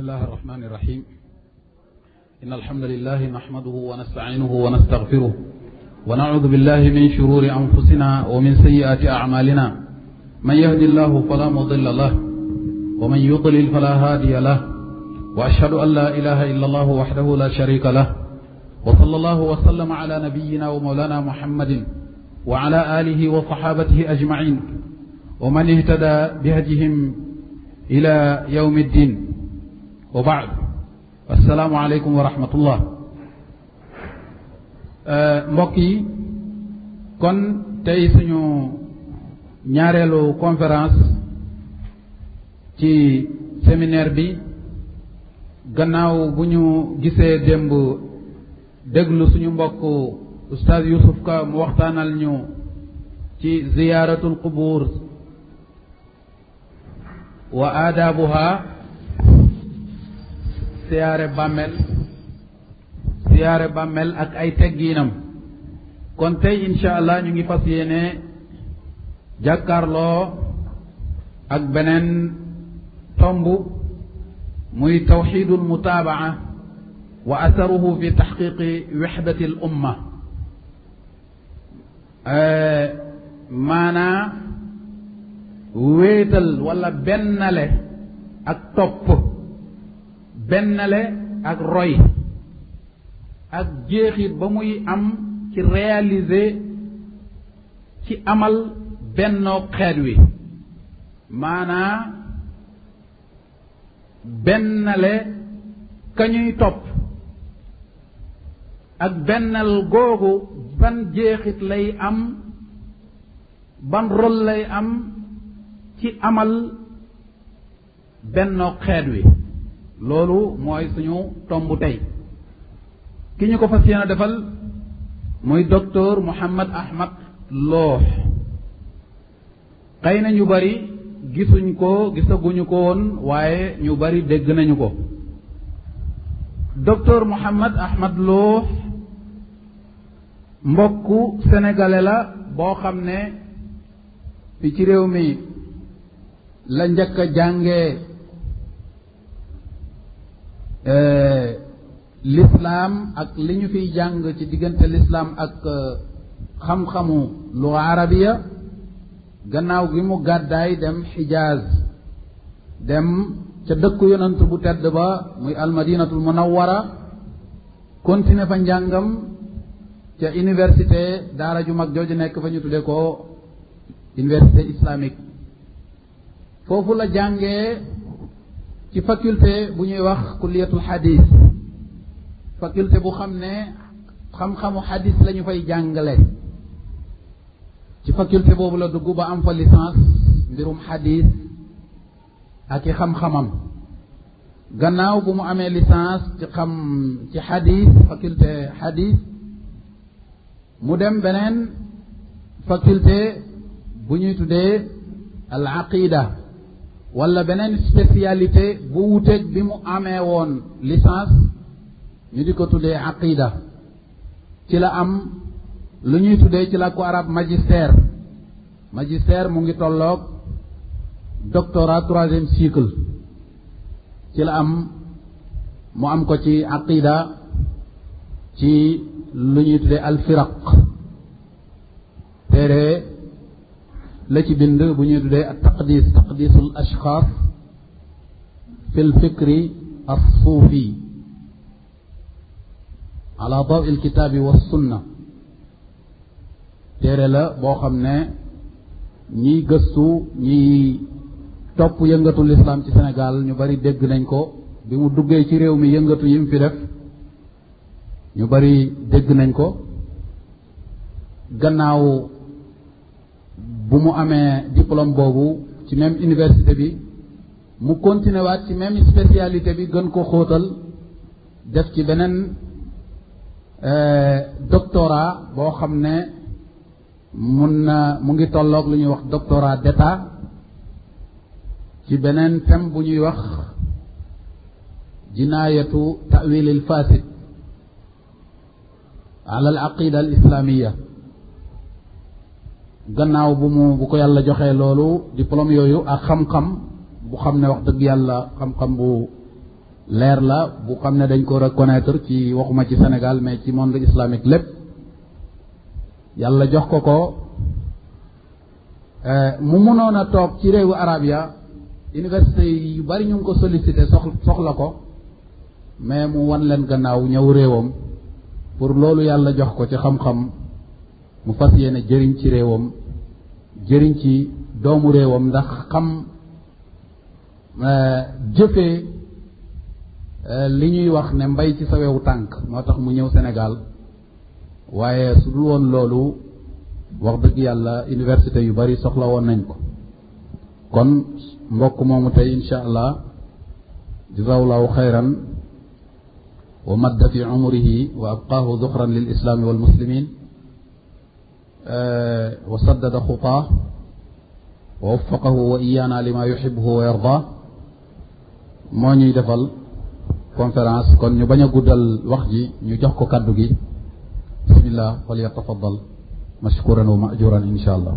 الله الرحمن الرحيم إن الحمد لله نحمده ونستعينه ونستغفره ونعوذ بالله من شرور أنفسنا ومن سيئات أعمالنا من يهدي الله فلا مضل له ومن يضلل فلا هادي له وأشهد أن لا إله إلا الله وحده لا شريك له وصلى الله وسلم على نبينا ومولانا محمد وعلى آله وصحابته أجمعين ومن اهتدى بهديهم إلى يوم الدين wa baad asalaamualeykum wa rahmatullah euh, mbokk yi kon tey suñu ñaareelu conférence ci séminaire bi gannaaw bu ñu gisee démb déglu suñu mbokk oustaz Youssouf Ka mu waxtaanal ñu ci ziyaaratul qubuur wa aadaabuha siyaare bàmmeel siyaare bàmmeel ak ay teggiinam kon tey incha allah ñu ngi fas yéene jàkkaarloo ak beneen tomb muy tawxidul mutaabaa wa asaruhu fi taxqiqi wixdati al umma eh, maanaa wéetal wala bennale ak topp bennale ak roy ak jeexit ba muy am ci réyalisé ci amal bennoo xeet wi maanaa bennale ka ñuy topp ak bennal googu ban jeexit lay am ban rol lay am ci amal bennoo xeet wi loolu mooy suñu tomb tey ki ñu ko fas yéene defal muy docteur Mouhammad Ahmad Loox xëy na ñu bari gisuñ ko gisaguñu ko woon waaye ñu bari dégg nañu ko docteur Mouhammad Ahmad Loox mbokku senegale la boo xam ne fi ci réew mi la njëkka a Euh, lislaam ak li ñu fiy jàng ci diggante lislaam ak euh, xam-xamu luga arabiya gannaaw gi mu gàddaay dem xijaaz dem ca dëkku yonant bu tedd ba muy almadinatul munawwara continuer fa njàngam ca université daara ju mag jooju nekk fa ñu tudde ko université islamique foofu la jàngee ci faculté bu ñuy wax kulliyatul xadis faculté bu xam ne xam-xamu xadis la fay jàngale ci faculté boobu la dugg ba am fa licence mbirum xadis ak i xam-xamam gannaaw bu mu amee licence ci xam ci xadis faculté xadis mu dem beneen faculté bu ñuy tuddee al aqiida wala beneen spécialité bu wuteeg bi mu amee woon licence ñu di ko tuddee aqida ci la am lu ñuy tuddee ci la ko arab magistère mu ngi tolloog doctorat troisième cycle ci la am mu am ko ci aqida ci lu ñuy tuddee alfiraq téere la ci bind bu ñuy tuddee taqdis تحديث الأشخاص في الفكر الصوفي على ضوء الكتاب والسنة téere la boo xam ne ñiy gëstu ñiy topp yëngatu lislaam ci Sénégal ñu bari dégg nañ ko bi mu duggee ci réew mi yëngatu yi mu fi def ñu bari dégg nañ ko gannaaw bu mu amee diplôme boobu ci même université bi mu continué waat ci même spécialité bi gën ko xóotal def ci beneen euh, doctorat boo xam ne mun na mu ngi tolloog lu ñuy wax doctorat d'état ci beneen thème bu ñuy wax jinaayatu ta'wilil fasid ala al aqida gannaaw bu mu bu ko yàlla joxee loolu diplôme yooyu ak xam-xam bu xam ne wax dëgg yàlla xam-xam bu leer la bu xam ne dañ ko reconnaître ci waxuma ci Sénégal mais ci monde islamique lépp yàlla jox ko ko eh, mu mënoon a toog ci réewu arab ya université yu bari ñu ko sollicité sox soxla ko mais mu wan leen gannaaw ñëw réewam pour loolu yàlla jox ko ci xam-xam mu fas yéene jëriñ ci réewam jëriñ ci doomu réewam ndax xam euh, jëfee euh, li ñuy wax ne mbay ci sa wewu tànk moo tax mu ñëw senegal waaye su dul woon loolu wax dëgg yàlla université yu bari soxla woon nañ ko kon mbokk moomu tey incha allah jazawlaahu xayran wa madda fi umrihi wa abqaahu zuxran lil islaami wal muslimin وسدد خطاه ووفقه وإيانا لما يحبه ويرضاه moo ñuy defal conférence kon ñu bañ a guddal wax ji ñu jox ko kàddu gi bismillah wal yatafaddal mashkuran wa majuran insha allah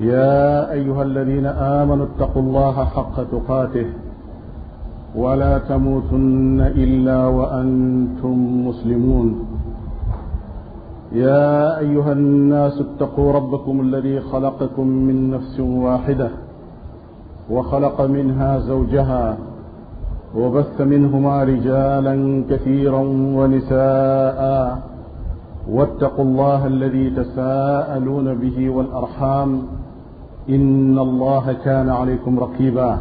يا أيها الذين آمنوا اتقوا الله حق تقاته ولا تموتن إلا وأنتم مسلمون يا أيها الناس اتقوا ربكم الذي خلقكم من نفس واحدة وخلق منها زوجها وبث منهما رجالا كثيرا ونساء واتقوا الله الذي تساءلون به والأرحام إن الله كان عليكم رقيبا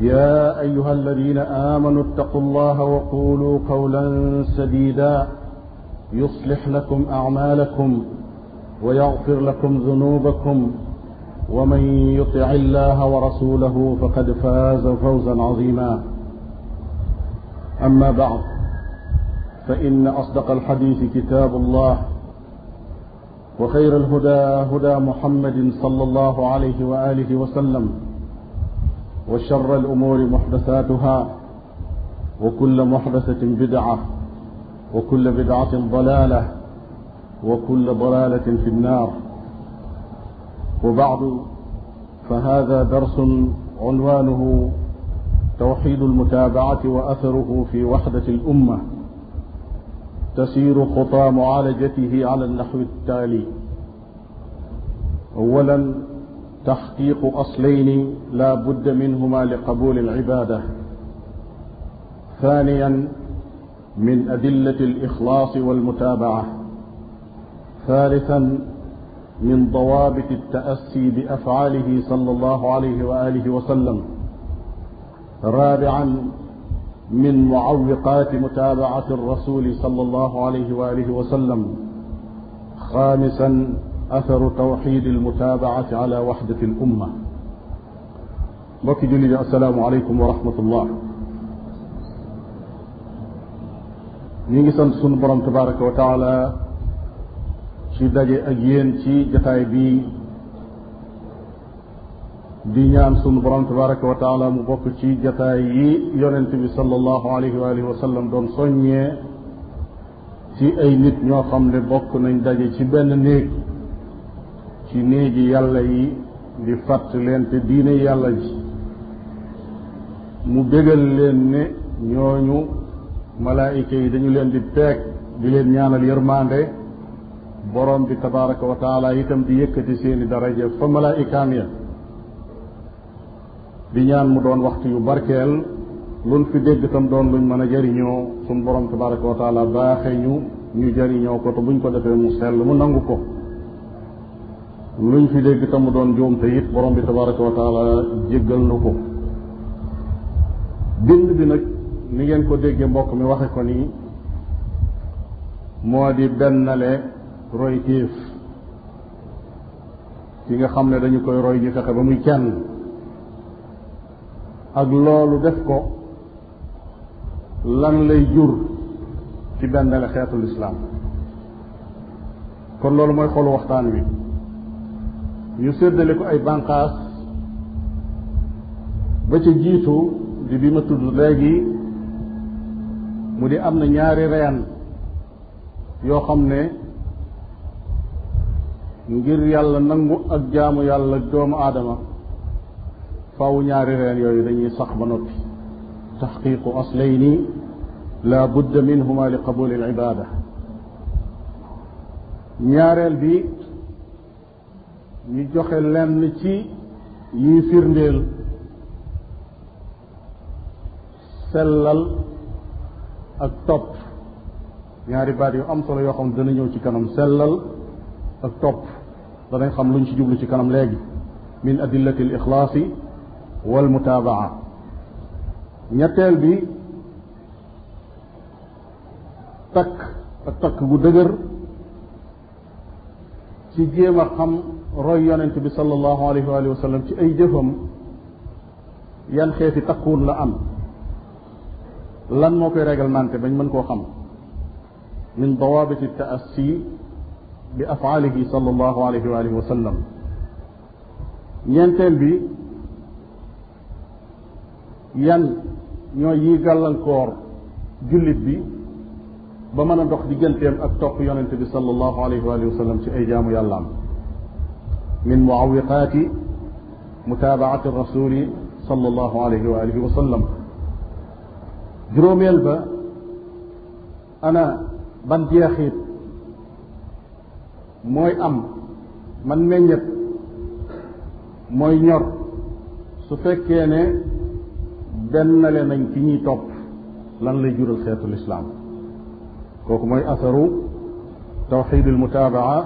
يا أيها الذين آمنوا اتقوا الله وقولوا قولا سديدا يصلح لكم أعمالكم ويغفر لكم ذنوبكم ومن يطع الله ورسوله فقد فاز فوزا عظيما أما بعد فإن أصدق الحديث كتاب الله وخير الهدى هدى محمد صلى الله عليه وآله وسلم وشر الأمور محدثاتها وكل محدثة بدعة وكل بدعة ضلالة وكل ضلالة في النار وبعد فهذا درس عنوانه توحيد المتابعة وأثره في وحدة الأمة تسير خطى معالجته على النحو التالي أولا تحقيق أصلين لا بد منهما لقبول العبادة ثانيا من أدلة الإخلاص والمتابعة ثالثا من ضوابط التأسي بأفعاله صلى الله عليه وآله وسلم رابعا من معوقات متابعة الرسول صلى الله عليه وآله وسلم خامسا أثر توحيد المتابعة على وحدة الأمة mbokki julli bi asalaamu aleykum wa rahmatullah ñu ngi sant sunu borom tabaraka wa taala ci daje ak yéen ci jataay bii di ñaan sunu borom tabaraka wa taala mu bokk ci jataay yi yonent bi sallallahu alayhi wa alihi wa sallam doon soññee ci ay nit ñoo xam ne bokk nañ daje ci benn néeg ci néegi yàlla yi di fàtt leen te diine yàlla ji mu bégal leen ne ñooñu malaayika yi dañu leen di peeg di leen ñaanal yërmande borom bi tabaraka wa taala itam di yëkkati seeni daraja fa malaayikaam ya di ñaan mu doon waxtu yu barkeel luñ fi dégg tam doon luñ mën a jariñoo suñ borom tabaraka wa taala baaxee ñu ñu jëriñoo ko te buñ ko defee mu sell mu nangu ko luñ fi dégg tam mu doon juumte it borom bi tabaraka wa taala jéggal na ko bind bi nag ni ngeen ko déggee mbokk mi waxe ko nii moo di bennale roy tiif ki nga xam ne dañu koy roy ñu fexe ba muy kenn ak loolu def ko lan lay jur ci bendale xeetu islaam kon loolu mooy xolu waxtaan wi ñu seddale ko ay bànqaas ba ca jiitu di bi ma tudd léegi mu di am na ñaari reyan yoo xam ne ngir yàlla nangu ak jaamu yàlla doomu aadama faaw ñaari reen yooyu dañuy sax ba noppi taxqiqu aslayni la budda minhuma li qabuli al ibada ñaareel bi ñu joxe lenn ci yiy firndeel sellal ak topp ñaari baat yu am solo yoo xam dana ñëw ci kanam sellal ak topp danañ xam luñ ci jublu ci kanam léegi min adillati al ixlaasi wal mutaabaa ñetteel bi takk ak gu dëgër ci jéem a xam roy yonent bi sallallahu alayhi wa sallam ci ay jëfam yan xeeti takkuun la am lan moo koy réglementé bañ mën koo xam min dawaabiti taassi bi afaalihi sallallahu alayhi wa sallam ñeenteel bi yan ñooy yi gàllankoor jullit bi ba mën a dox digganteem ak topp yonente bi sallallahu alayhi wa sallam ci ay jaamu yàllaam min muawiqaati mutaabaati rasuli sallallahu alayhi wa alihi wa sallam juróomeel ba ana ban jeexit mooy am man meññet mooy ñor su fekkee ne bennale nañ ci ñuy topp lan lay jural xeetu lislaam kooku mooy asaru tawxid al mutaabaa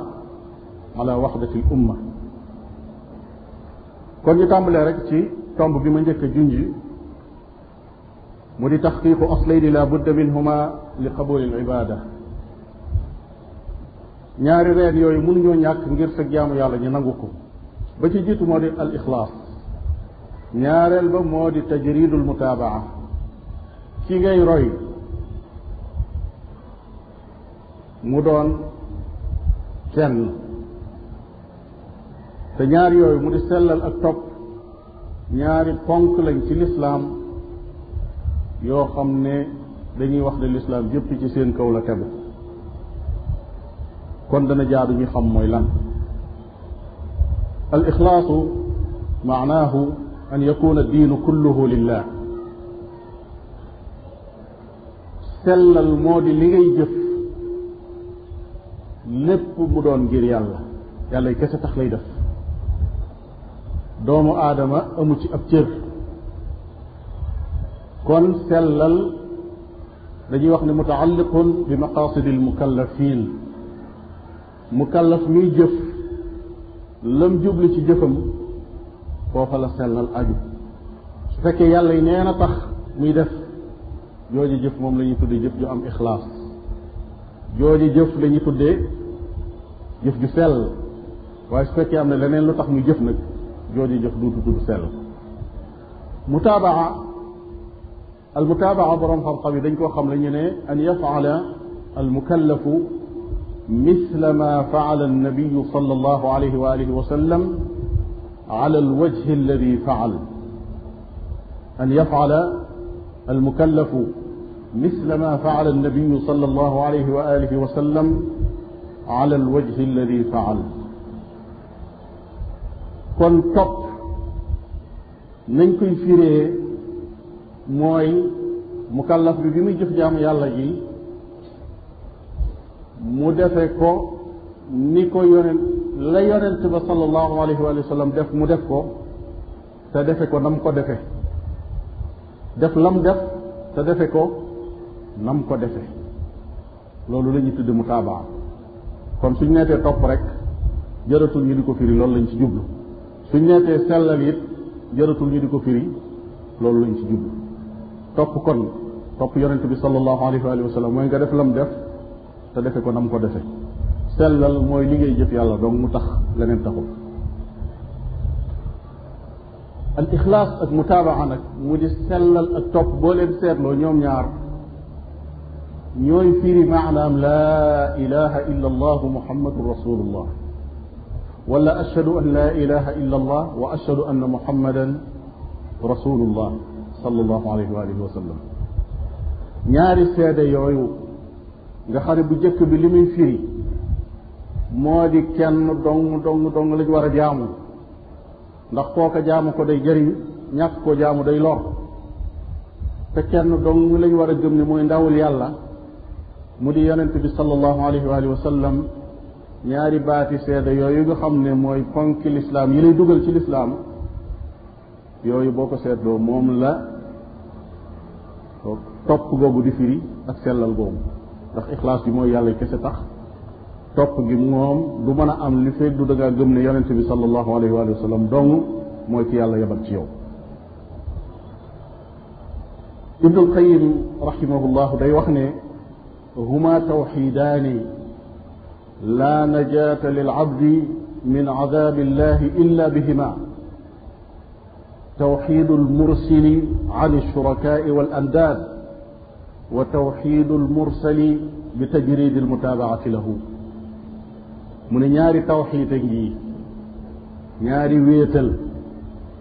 ala waxdati l umma kon ñu tàmbalee rek ci tomb bi ma njëkk a junj mu di taxqiqu aslayni la budda minhuma li qabuli al ibada ñaari reen yooyu mënuñoo ñàkk ngir sa jaamu yàlla ñu nangu ko ba ci jiitu moo di al ixlaas ñaareel ba moo di tajridul mutaabaa ki ngay roy mu doon kenn te ñaar yooyu mu di sellal ak top ñaari ponk lañ ci lislaam yoo xam ne dañuy wax ne lislaam jëpp ci seen kaw la tegu kon dana jaadu ñu xam mooy lan al ixlaasu maanaahu an yakuna diinu kulluhu lillah sellal moo di li ngay jëf lépp mu doon ngir yàlla yàlla yi kese tax lay def doomu aadama amu ci ab cër kon sellal dañuy wax ne mutaalliqun bi maqaasidi almukallafin mukallaf miy jëf lam jublu ci jëfam foofa la sellal aju su fekkee yàlla yi nee na tax muy def jooju jëf moom la ñuy tuddee jëf ju am ixlaas jooju jëf la ñuy tuddee jëf ju sell waaye su fekkee am na leneen lu tax muy jëf nag jooju jëf duutu tudd sell mutaabaa al mutaabaa boroom xam-xam yi dañ koo xam la ñu ne an yafaala al mukallafu misla ma faala annabiyu sal allahu alayhi wa alihi wa sallam على الوجه الذي فعل أن يفعل المكلف مثل ما فعل النبي صلى الله عليه وآله وسلم على الوجه الذي فعل kon topp nañ koy firee mooy mukallaf bi bi muy jëf jaamu yàlla ji mu defe ko ni ko yonent la yonent ba sallallahu alayhi wa sallam def mu def ko te defe ko nam ko defe def lam def te defe ko nam ko defe loolu lañuy ñuy tudd mu taabaa kon suñ neetee topp rek jëratul ñu di ko firi loolu lañ ci jublu suñ neetee sellal it jaratul di ko firi loolu lañ ci jublu topp kon topp yonent bi sallallahu alayhi wa sallam mooy nga def lam def te defe ko nam ko defe sellal mooy li ngay jëf yàlla dong mu tax leneen taxul al ixlaas ak mutaabaa nag mu di sellal ak topp boo leen seetloo ñoom ñaar ñooy firi maanaam laa ilaha illa allah muhammadu rasulullah wala ashhadu an laa ilaha illa allah wa ashhadu anna muhammadan rasulullah sallallahu alayhi wa alihi wa sallam ñaari seede yooyu nga xam ne bu jëkk bi li muy firi moo di kenn dong dong dong la war a jaamu ndax kooka jaamu ko day jëriñ ñàkk koo jaamu day lor te kenn dong la war a gëm ni mooy ndawul yàlla mu di yonent bi sallallahu alayhi wa sallam ñaari baati seede yooyu nga xam ne mooy ponki lislaam yi lay dugal ci lislaam yooyu boo ko seetloo moom la topp googu di firi ak sellal googu ndax ixlaas bi mooy yàlla kese tax topp gi moom du mën a am li fekk du dangaa gëm ne yonente bi sallallahu alayhi wa sallam dong mooy ci yàlla yabal ci yow ibnu alqayim rahimahullahu day wax ne huma tawxidaani la najaata lilabdi min adabi illahi illa bihima توحيد المرسل عن الشركاء والأنداد وتوحيد المرسل بتجريد المتابعة له mu ne ñaari tawxiit a ngi ñaari wéetal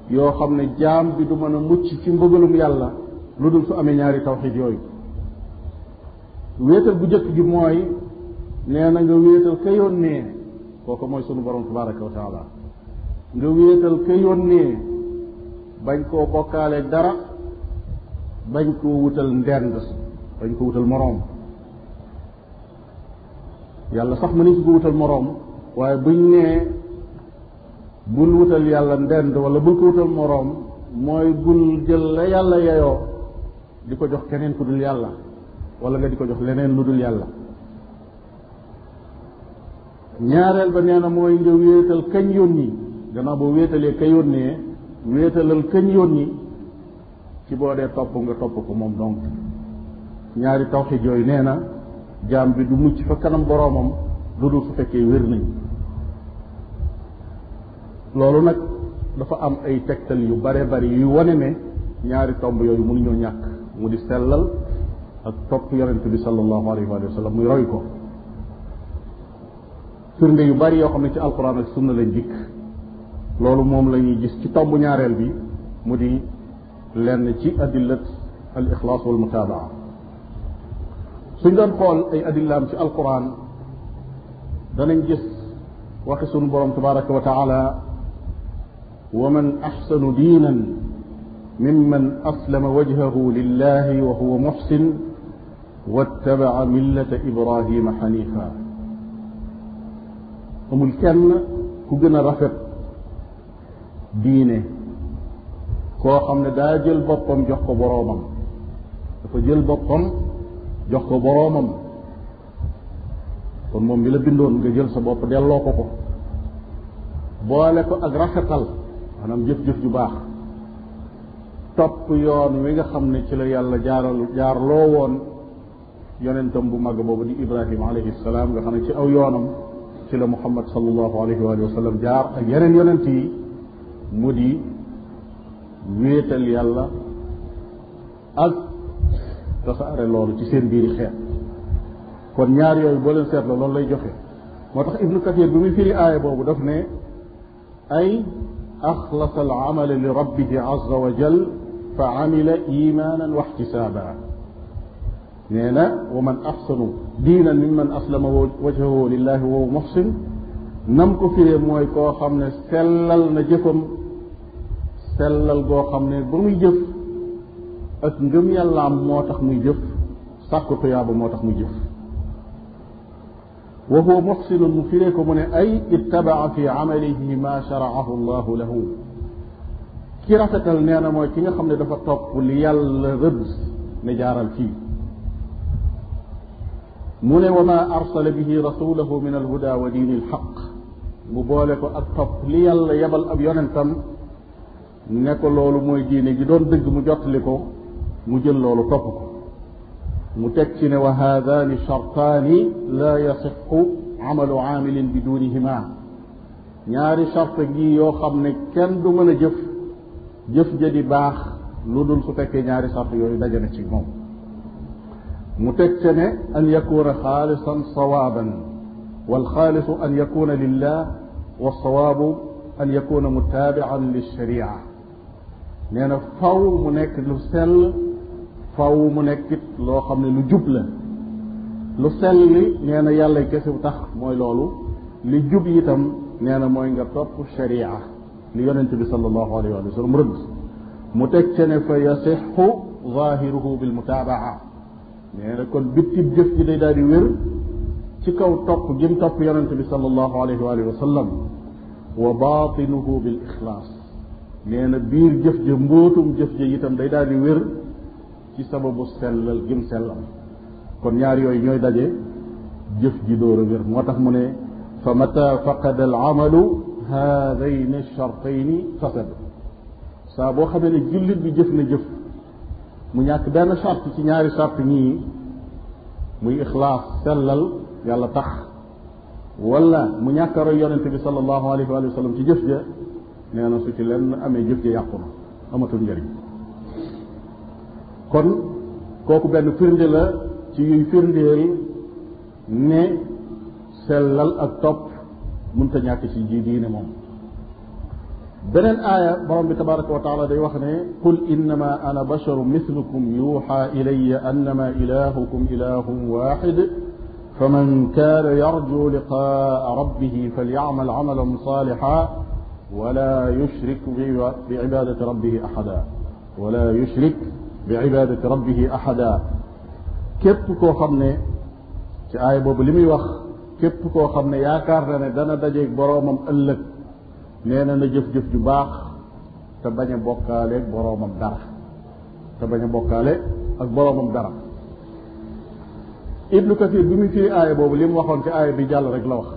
yoo xam ne jaam bi du mën a mucc ci mbëgalum yàlla lu dul su amee ñaari tawxiit yooyu wéetal bu njëkk gi mooy nee na nga wéetal ka yónnee ko mooy sunu borom tabaraka wa taala nga wéetal ka yónnee bañ koo bokkaale dara bañ koo wutal ndend bañ ko wutal moroom yàlla sax ma ni su ko wutal moroom waaye buñ nee bul wutal yàlla ndend wala bul ko wutal moroom mooy bul jël la yàlla yeyoo di ko jox keneen ku dul yàlla wala nga di ko jox leneen lu dul yàlla ñaareel ba nee na mooy nga wéetal kañ yónni gannaaw boo wéetalee ka yónnee wéetalal kañ yónni ci boo dee topp nga topp ko moom donc ñaari tawxid yooyu nee na jaam bi du mucc fa kanam boroomam lu dul su fekkee wér nañ loolu nag dafa am ay tegtal yu bare bari yu wane ne ñaari tomb yooyu mënuñoo ñàkk mu di sellal ak topp yonent bi sallallahu alayhi wa sallam muy roy ko firnde yu bari yoo xam ne ci alquran ak sunna lañ loolu moom la ñuy gis ci tomb ñaareel bi mu di lenn ci adillat al ixlaas wal mutaabaa suñ doon xool ay adillaam ci alquran danañ gis waxi sunu borom tabaraka wa taala ومن أحسن دينا ممن أسلم وجهه لله وهو محسن واتبع ملة إبراهيم حنيفا amul kenn ku gën a rafet diine koo xam ne daa jël boppam jox ko boroomam dafa jël boppam jox ko boroomam kon moom bi la bindoon nga jël sa bopp delloo ko ko boole ko ak rafetal maanaam jëf-jëf ju baax topp yoon wi nga xam ne ci la yàlla jaaral jaar loo woon yonentam bu màgg boobu di ibrahima alayhi salaam nga xam ne ci aw yoonam ci la muhammad sallallahu alayhi wa sallam jaar ak yeneen yonent yi mu di wéetal yàlla ak are loolu ci seen biiri xeet kon ñaar yooyu boo leen seetloo loolu lay joxe moo tax ibnu kathir bi muy firi aaya boobu def ne ay أخلص العمل لربه عز وجل فعمل إيمانا واحتسابا nee na wa man axsanu diinan mimman aslama wajhahu lillahi wa huwa muhsin nam ko firee mooy koo xam ne sellal na jëfam sellal goo xam ne ba muy jëf ak ngëm yàllaam moo tax muy jëf sàkku tuyaaba moo tax muy jëf wa huwa muxsinun mu firee ko mu ne ay ittabaa fi amalihi ma sharaahu llahu lahu ki rafetal nee na mooy ki nga xam ne dafa topp li yàlla rëdd ne jaaral fii mu ne wa ma arsala bihi rasulahu min alhuda wa diini alxaq mu boole ko ak topp li yàlla yebal ab yonentam ne ko loolu mooy diine gi doon dëgg mu jottali ko mu jël loolu topp ko mu teg ci ne wa haadaani chartaani laa yasixu amalu aamilin bi duunihima ñaari charte gi yoo xam ne kenn du mën a jëf jëf ja di baax lu dul su fekkee ñaari charte yooyu daje na ci moom mu teg ci ne an yakuna xaalisan sawaaban wal xaalisu an yakuna lillah wa sawaabu an yakuna mutaabian lisharia nee na faw mu nekk lu sell faw mu nekk it loo xam ne lu jub la lu sell li nee na yàlla kese bu tax mooy loolu li jub itam nee na mooy nga topp sharia li yonent bi sallallahu alayhi wa sallam rëdd mu teg ca ne fa yasixu zahiruhu bil mutabaa nee na kon bittib jëf ji day daal di wér ci kaw topp gi mu topp yonent bi sallallahu alayhi wa sallam wa baatinuhu bil ixlaas nee na biir jëf ja mbóotum jëf ja itam day daal di wér ci sababu sellal gim sellal kon ñaari yooyu ñooy daje jëf ji door a moo tax mu ne fa mata faqada al amalu haadayni chartayni fasad saa boo xamee ne jullit bi jëf na jëf mu ñàkk benn chart ci ñaari chart ñii muy ixlaas sellal yàlla tax wala mu ñàkk a roy yonente bi sallallahu alayhi wa sallam ci jëf ja nee na su ci lenn amee jëf ja yàqu na amatul njëriñ kon kooku benn firnde la ci yuy firndeel ne sellal ak topp mënta ñàkk ci ji diine moom beneen aaya borom bi tabaraka wa taala day wax ne qul innama ana basharu mislukum yuuxa ilaya annama ilahukum ilahum waxid faman kaana yarju liqaa rabbihi falyacmal camalan saalixa wala yushrik bi cibaadati rabbihi axada wala yushrik bi ibadati rabbihi ahada képp koo xam ne ci aaya boobu li muy wax képp koo xam ne yaakaar na ne dana dajeeg boroomam ëllëg nee na na jëf-jëf ju baax te bañ a bokkaaleeg boroomam dara te bañ a bokkaale ak boroomam dara ibnu kathir bi mu fii aaya boobu li waxoon ci aaya bi jàll rek la wax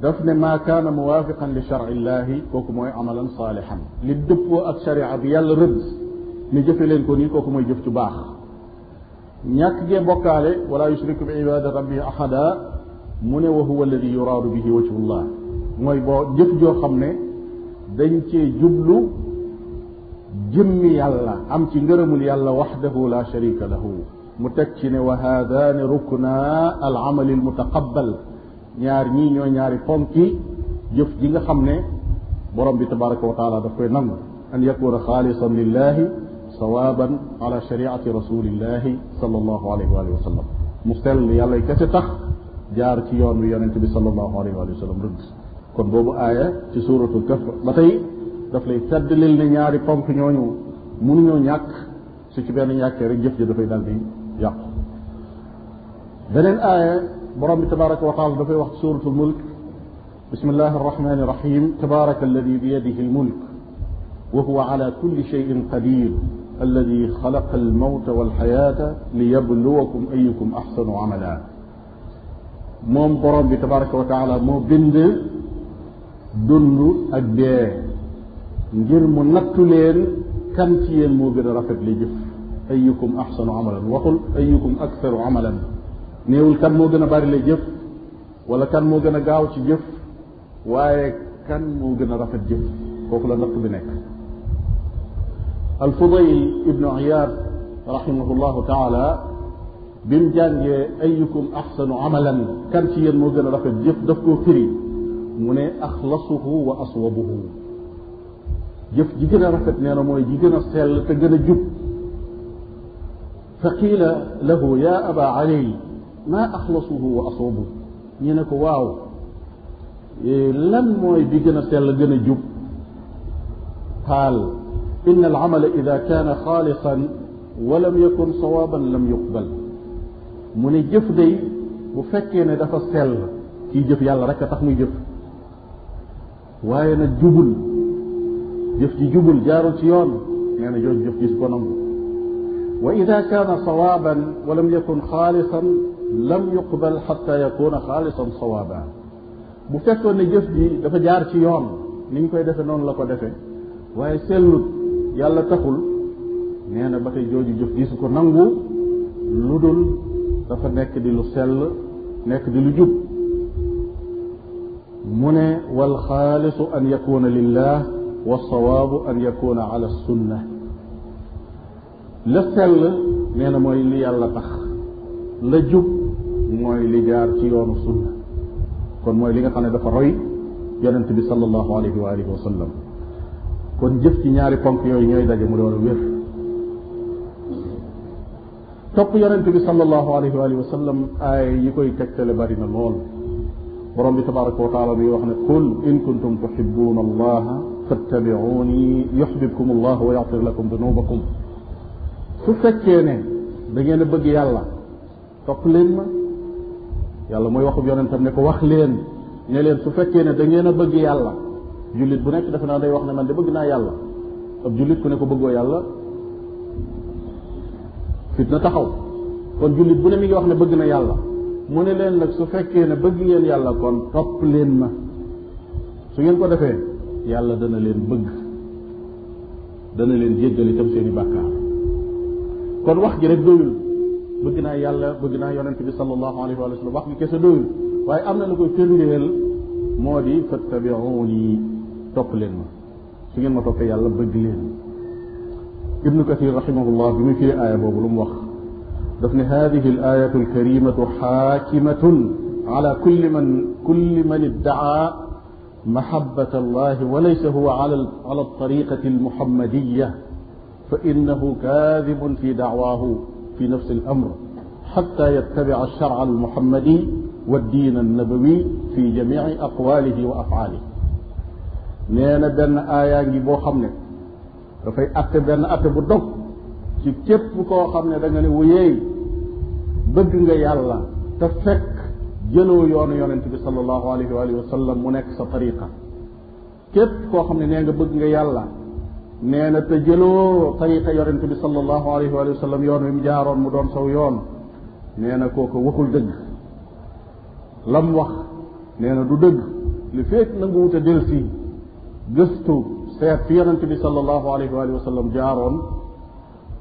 daf ne maa kaana muwaafiqan li sharcillahi kooku mooy amalan saalihan li dëppoo ak sharia bi yàlla rëdd ne jëfe leen ko nii kooku mooy jëf ci baax ñàkk gee bokkaale wala yushriku bi ibadati rabbi ahada mu ne wa huwa alladi yuraadu bihi wajhullah mooy boo jëf joo xam ne dañ cee jublu jëmmi yàlla am ci ngërëmul yàlla waxdahu la sharika lahu mu teg ci ne wa haadaani rukna al amali al mutaqabbal ñaar ñii ñoo ñaari ponki jëf ji nga xam ne borom bi tabaraka wa taala daf koy nangu an yakuna xaalisan lillahi sawaaban ala shariati rasulillahi sallallahu alayhi wa sallam mu sell yàlla kese tax jaar ci yoon wi yonent bi sallallahu alayhi wa sallam rëdd kon boobu aaya ci suuratul kaf ba tey daf lay feddlil ne ñaari ponk ñooñu mënuñoo ñàkk su ci benn ñàkkee rek jëf ja dafay daal di yàqu beneen aaya borom bi tabaraka wa taala dafay wax ci suuratul mulk bismillahi arrahmani irrahim tabaraka alladi biyadihi almulk wa huwa ala kulli cheyin qadir الذي خلق الموت والحياة ليبلوكم أيكم أحسن عملا moom borom bi tabaraka wa taala moo bind dund ak dee ngir mu nattu leen kan ci yéen moo gën a rafet li jëf ayukum axsanu amalan waxul ayukum aktaru amalan néewul kan moo gën a bari la jëf wala kan moo gën a gaaw ci jëf waaye kan moo gën a rafet jëf kooku la natt bi nekk alfudayl ibnu iyaad rahimahullahu taala bi mu jàngee ayukum axsanu amalan kan ci yéen moo gën a rafet jëf daf koo firi mu ne axlasuhu wa aswabuhu jëf ji gën a rafet nee na mooy ji gën a sell te gën a jub fa qiila lahu ya aba ali maa axlasuhu wa aswabuhu ñu ne ko waaw eh, lan mooy bi gën a sell gën a jub qaal إن العمل إذا كان خالصا ولم يكن صوابا لم يقبل mu ne jëf day bu fekkee ne dafa sell kiy jëf yàlla rek a tax muy jëf waaye nag jubul jëf ji jubul jaarul ci yoon nee na jooju jëf gis ko nangu wa ida kaana sawaaban wa lam yakun xaalisan lam yuqbal xata yakuna xaalisan sawaaba bu fekkoon ne jëf ji dafa jaar ci yoon ni ñu koy defe noonu la ko defe waaye sellut yàlla taxul nee na ba tey jëf gisu ko nangu lu dul dafa nekk di lu sell nekk di lu jub mu ne wal xaalisu an yakuna lillah wa sawaabu an yakuna ala sunna la sell nee mooy li yàlla tax la jub mooy li jaar ci yoonu sunna kon mooy li nga xam ne dafa roy yonent bi sallallahu alayhi wa alihi wa sallam kon jëf ci ñaari ponk yooyu ñooy daje mu doon wér topp yonent bi sallallahu alayhi wa sallam ay yi koy tegtale bari na lool borom bi tabaraka wa taala mi wax ne qul in kuntum tuhibbuna allaha fattabi'uni yuhbibkum allah wa yaghfir lakum dunubakum su fekkee ne da ngeen a bëgg yàlla topp leen ma yàlla mooy waxub yonentam ne ko wax leen ne leen su fekkee ne da ngeen a bëgg yàlla jullit bu nekk dafa naa day wax ne man de bëgg naa yàlla ab jullit ku ne ko bëggoo yàlla fitna taxaw kon jullit bu ne mi ngi wax ne bëgg na yàlla mu ne leen nag su fekkee ne bëgg ngeen yàlla kon topp leen ma su ngeen ko defee yàlla dana leen bëgg dana leen jéggal itam seen i bàkkaar kon wax ji rek doyul bëgg naa yàlla bëgg naa yonente bi sallallahu alayhi wa wax gi kese doyul waaye am na lu koy firndeel moo di fattabiuni topp leen ma su ngeen ma toppee yàlla bëgg leen ibnu kathir rahimahullah bi muy firi aaya boobu lu mu wax daf ne hadihi al ayatu alkarimatu xaakimatun ala kulli man kulli man iddaa mahabat allahi wa laysa huwa ala ala altriqati almuhammadiya fa innahu kadibun fi dacwaahu fi nafsi alamr xata yattabica alsharca almuhammadi والدين النبوي في جميع أقواله وأفعاله nee na benn aayaa ngi boo xam ne dafay atte benn atte bu dog ci képp koo xam ne da nga ne wuyeey bëgg nga yàlla te fekk jëloo yoonu yonent bi sallallahu alayhi wa alihi wa mu nekk sa tariqa képp koo xam ne nee nga bëgg nga yàlla nee na te jëloo tariqa yonent bi sallallahu alayhi wa alihi yoon wi mu jaaroon mu doon saw yoon nee na kooku waxul dëgg lam wax nee na du dëgg li fekk nangu wut a delsi gëstu seet fi yonente bi sallallahu alayhi wa sallam jaaroon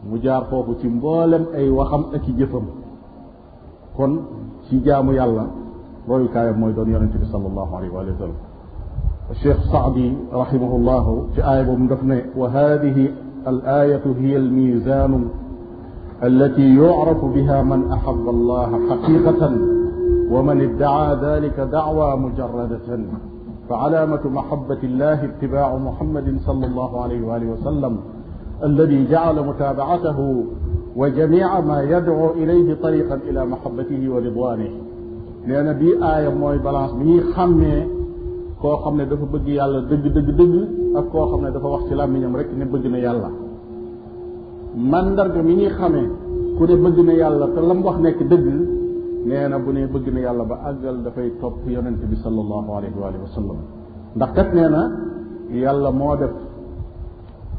mu jaar foofu ci mboolem ay waxam ak i jëfam kon ci jaamu yàlla royu kaayam mooy doon yonente bi sallallahu alayhi wa sallam cheikh saadi rahimahullahu ci aaya boobu daf ne wa hadihi al ayatu hiya al mizanu allati yu'rafu biha man ahabba allaha haqiqatan wa man iddaa dalika da'wa mujarradatan فعلامة محبة الله اتباع محمد صلى الله عليه وآله وسلم الذي جعل متابعته وجميع ما يدعو إليه طريقا إلى محبته ورضوانه nee na bii aaya mooy balance bi ñuy xàmmee koo xam ne dafa bëgg yàlla dëgg dëgg dëgg ak koo xam ne dafa wax ci làmmiñam rek ne bëgg na yàlla mandarga mi ñuy xamee ku ne bëgg na yàlla te lam wax nekk dëgg nee na bu ne bëgg na yàlla ba àggal dafay topp yonent bi sallallahu alayhi wa sallam ndax kat nee na yàlla moo def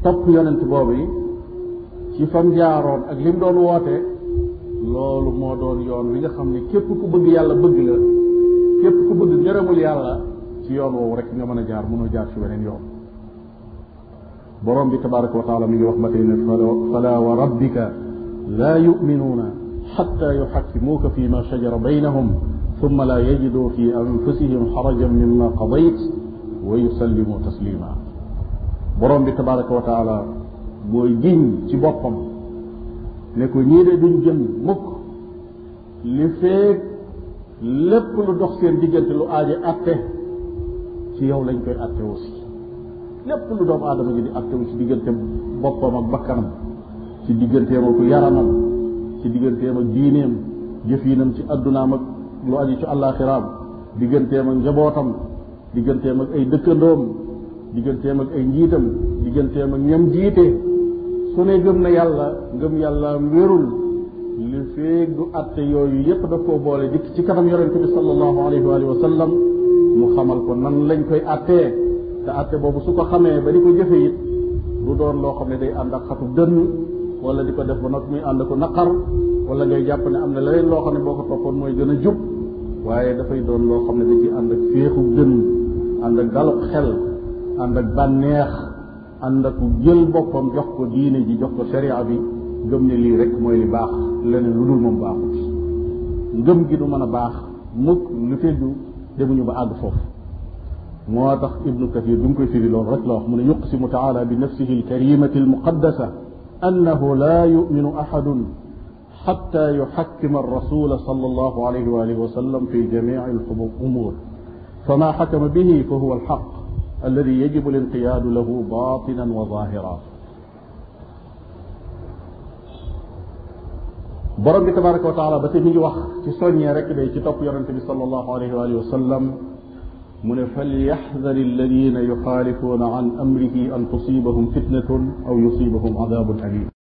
topp yonent boobu yi ci fam jaaroon ak lim doon woote loolu moo doon yoon wi nga xam ne képp ku bëgg yàlla bëgg la képp ku bëgg ngërëmul yàlla ci yoon woowu rek nga mën a jaar mënoo jaar ci weneen yoon borom bi tabaraka wa taala mi ngi wax ba tey ne fala wa rabbika la yuminuuna xataa yuxakkimuuka fi ma shajara baynahum summa laa yajiduu fi anfusihim xarajan mimma qadayt wa yusallimu taslima borom bi tabaraka wa taala mooy giñ ci boppam ne ko ñii de duñ jëm mukk li feeg lépp lu dox seen diggante lu aaje atte ci yow lañ koy atte aussi lépp lu doomu aadama ji di atte wu ci diggante boppam ak bakkanam ci digganteem ak yaramam ci digganteem ak diineem jëfiinam ci addunaam ak lu aju ci àllaaxiraam digganteem ak njabootam digganteem ak ay dëkkandoom digganteem ak ay njiitam digganteem ak ñam jiite su ne gëm na yàlla ngëm yàlla wérul li feeg du atte yooyu yépp daf koo boole dikk ci kanam yonente bi sallallahu alayhi wa sallam mu xamal ko nan lañ koy attee te atte boobu su ko xamee ba di ko jëfe it du doon loo xam ne day ànd ak xatu dënn wala di ko def ba noppi muy ànd ko naqar wala ngay jàpp ne am na leneen loo xam ne boo ko toppoon mooy gën a jub waaye dafay doon loo xam ne da ci ànd ak gën ànd ak daluk xel ànd ak bànneex ànd ak jël boppam jox ko diine ji jox ko sharia bi gëm ne lii rek mooy li baax leneen lu dul moom baaxut ngëm gi du mën a baax mukk lu feggu demuñu ba àgg foofu moo tax ibnu kathir bi mu koy firi loolu rek la wax mu ne yuqsimu taala bi nafsihi alkarimati almuqaddasa أنه لا يؤمن أحد حتى يحكم الرسول صلى الله عليه وآله وسلم في جميع الأمور فما حكم به فهو الحق الذي يجب الانقياد له باطنا وظاهرا borom bi tabaraka wa taala ba tey mi ngi wax ci soññee rek day ci topp yonente bi sallallahu alayhi wa sallam mu ne falyaxdari alladina yuxaalifuuna an amrihi an tusibahum fitnatun aw yusibahum adabun alim